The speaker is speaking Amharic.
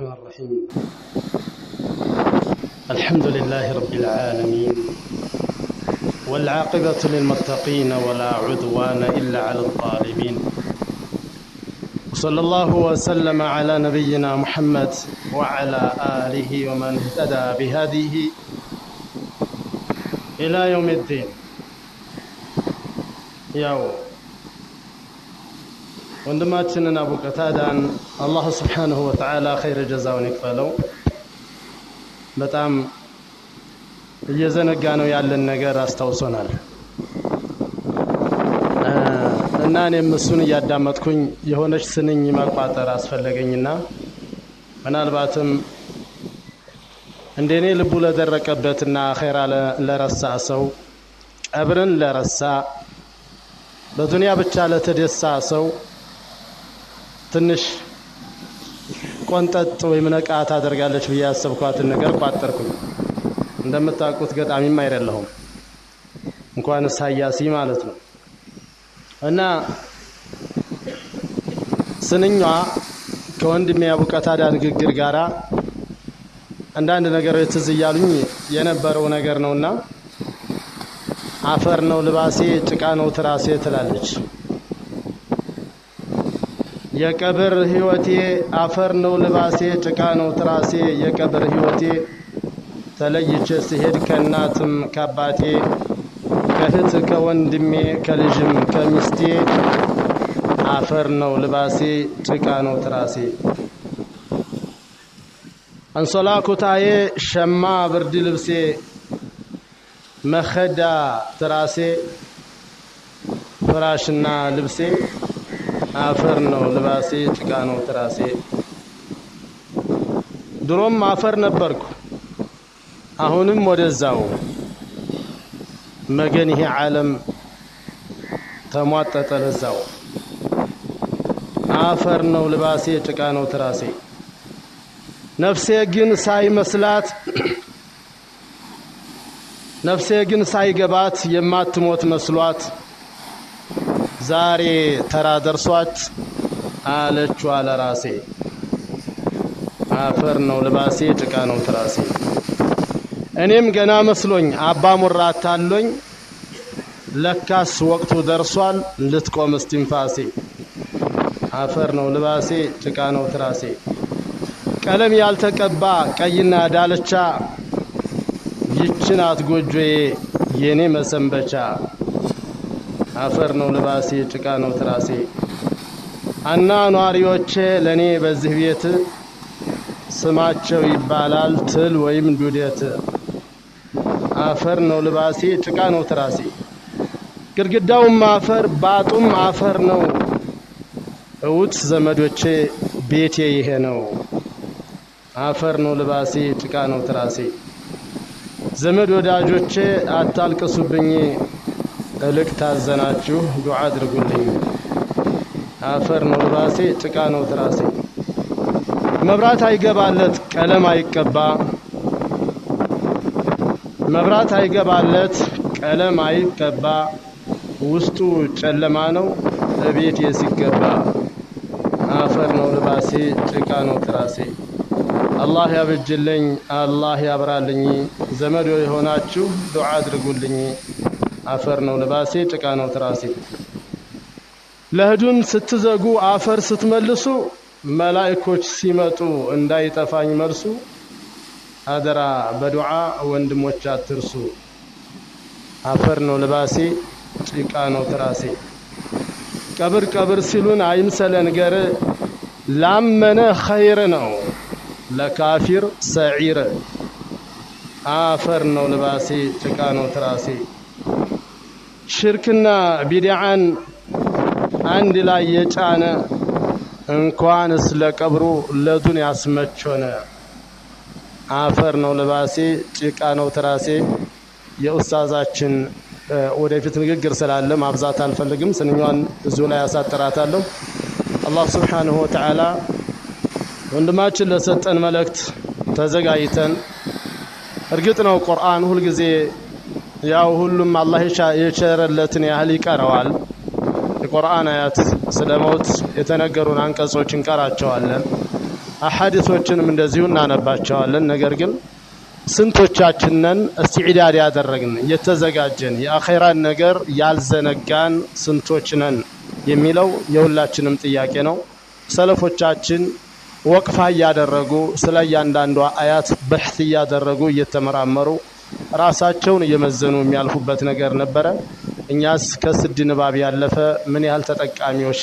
الرحمن الرحيم الحمد لله رب العالمين والعاقبة للمتقين ولا عدوان إلا على الظالمين وصلى الله وسلم على نبينا محمد وعلى آله ومن اهتدى بهديه إلى يوم الدين يوم ወንድማችንን አቡ ቀታዳን አላህ ስብሓንሁ ወተዓላ ኸይረ ጀዛውን ይክፈለው። በጣም እየዘነጋ ነው ያለን ነገር አስታውሶናል እና እኔም እሱን እያዳመጥኩኝ የሆነች ስንኝ ማቋጠር አስፈለገኝና ምናልባትም እንደኔ ልቡ ለደረቀበትና ኸይራ ለረሳ ሰው ቀብርን ለረሳ በዱንያ ብቻ ለተደሳ ሰው ትንሽ ቆንጠጥ ወይም ነቃ ታደርጋለች ብዬ ያሰብኳትን ነገር ቋጠርኩኝ። እንደምታውቁት ገጣሚም አይደለሁም እንኳን ሳያሲ ማለት ነው። እና ስንኟ ከወንድሜ አቡቀታዳ ንግግር ጋር አንዳንድ ነገሮች ትዝ እያሉኝ የነበረው ነገር ነውና አፈር ነው ልባሴ፣ ጭቃ ነው ትራሴ ትላለች። የቀብር ህይወቴ አፈር ነው ልባሴ ጭቃ ነው ትራሴ የቀብር ህይወቴ ተለይቼ ስሄድ ከእናትም ከአባቴ ከእህት ከወንድሜ ከልጅም ከሚስቴ አፈር ነው ልባሴ ጭቃ ነው ትራሴ። አንሶላ ኩታዬ ሸማ ብርድ ልብሴ መኸዳ ትራሴ ፍራሽና ልብሴ አፈር ነው ልባሴ፣ ጭቃ ነው ትራሴ። ድሮም አፈር ነበርኩ አሁንም ወደዛው መገን። ይሄ ዓለም ተሟጠጠ ለዛው። አፈር ነው ልባሴ፣ ጭቃ ነው ትራሴ። ነፍሴ ግን ሳይመስላት ነፍሴ ግን ሳይገባት የማትሞት መስሏት ዛሬ ተራ ደርሷት አለ ራሴ አፈር ነው ልባሴ ጭቃ ነው ትራሴ። እኔም ገና መስሎኝ አባ ሙራ ታሎኝ ለካስ ወቅቱ ደርሷል ልትቆም እስትንፋሴ። አፈር ነው ልባሴ ጭቃ ነው ትራሴ። ቀለም ያልተቀባ ቀይና ዳልቻ ይችናት ጎጆዬ የኔ መሰንበቻ አፈር ነው ልባሴ፣ ጭቃ ነው ትራሴ። አና ኗሪዎቼ ለእኔ በዚህ ቤት ስማቸው ይባላል ትል ወይም ዱዴት። አፈር ነው ልባሴ፣ ጭቃ ነው ትራሴ። ግድግዳውም አፈር ባጡም አፈር ነው። እውት ዘመዶቼ ቤቴ ይሄ ነው። አፈር ነው ልባሴ፣ ጭቃ ነው ትራሴ። ዘመድ ወዳጆቼ አታልቅሱብኝ በልክ ታዘናችሁ ዱዓ አድርጉልኝ። አፈር ነው ራሴ፣ ጭቃ ነው ትራሴ። መብራት አይገባለት ቀለም አይቀባ፣ መብራት አይገባለት ቀለም አይቀባ፣ ውስጡ ጨለማ ነው እቤቴ የሲገባ አፈር ነው ልባሴ፣ ጭቃ ነው ትራሴ። አላህ ያብጅልኝ፣ አላህ ያብራልኝ። ዘመድ የሆናችሁ ዱዓ አድርጉልኝ። አፈር ነው ልባሴ፣ ጭቃ ነው ትራሴ። ለህዱን ስትዘጉ አፈር ስትመልሱ መላእኮች ሲመጡ እንዳይጠፋኝ መልሱ። አደራ በዱዓ ወንድሞች አትርሱ። አፈር ነው ልባሴ፣ ጭቃ ነው ትራሴ። ቀብር ቀብር ሲሉን አይምሰለን ገር ላመነ ኸይር ነው ለካፊር ሰዒር። አፈር ነው ልባሴ፣ ጭቃ ነው ትራሴ። ሽርክና ቢድዓን አንድ ላይ የጫነ እንኳንስ ለቀብሩ ለቱን ያስመቾነ አፈር ነው ልባሴ፣ ጭቃ ነው ትራሴ። የኡስታዛችን ወደፊት ንግግር ስላለ ማብዛት አልፈልግም። ስንኛን እዚሁ ላይ ያሳጥራታለሁ። አላህ ስብሓንሁ ወተዓላ ወንድማችን ለሰጠን መልእክት ተዘጋጅተን እርግጥ ነው ቁርአን ሁልጊዜ ያው ሁሉም አላህ የቸረለትን ያህል ይቀረዋል። የቁርአን አያት ስለ መውት የተነገሩን አንቀጾች እንቀራቸዋለን፣ አሐዲሶችንም እንደዚሁ እናነባቸዋለን። ነገር ግን ስንቶቻችንን እስቲዕዳድ ያደረግን የተዘጋጀን የአኼራን ነገር ያልዘነጋን ስንቶች ነን የሚለው የሁላችንም ጥያቄ ነው። ሰለፎቻችን ወቅፋ እያደረጉ ስለ እያንዳንዷ አያት በሕት እያደረጉ እየተመራመሩ ራሳቸውን እየመዘኑ የሚያልፉበት ነገር ነበረ። እኛስ ከስድ ንባብ ያለፈ ምን ያህል ተጠቃሚዎች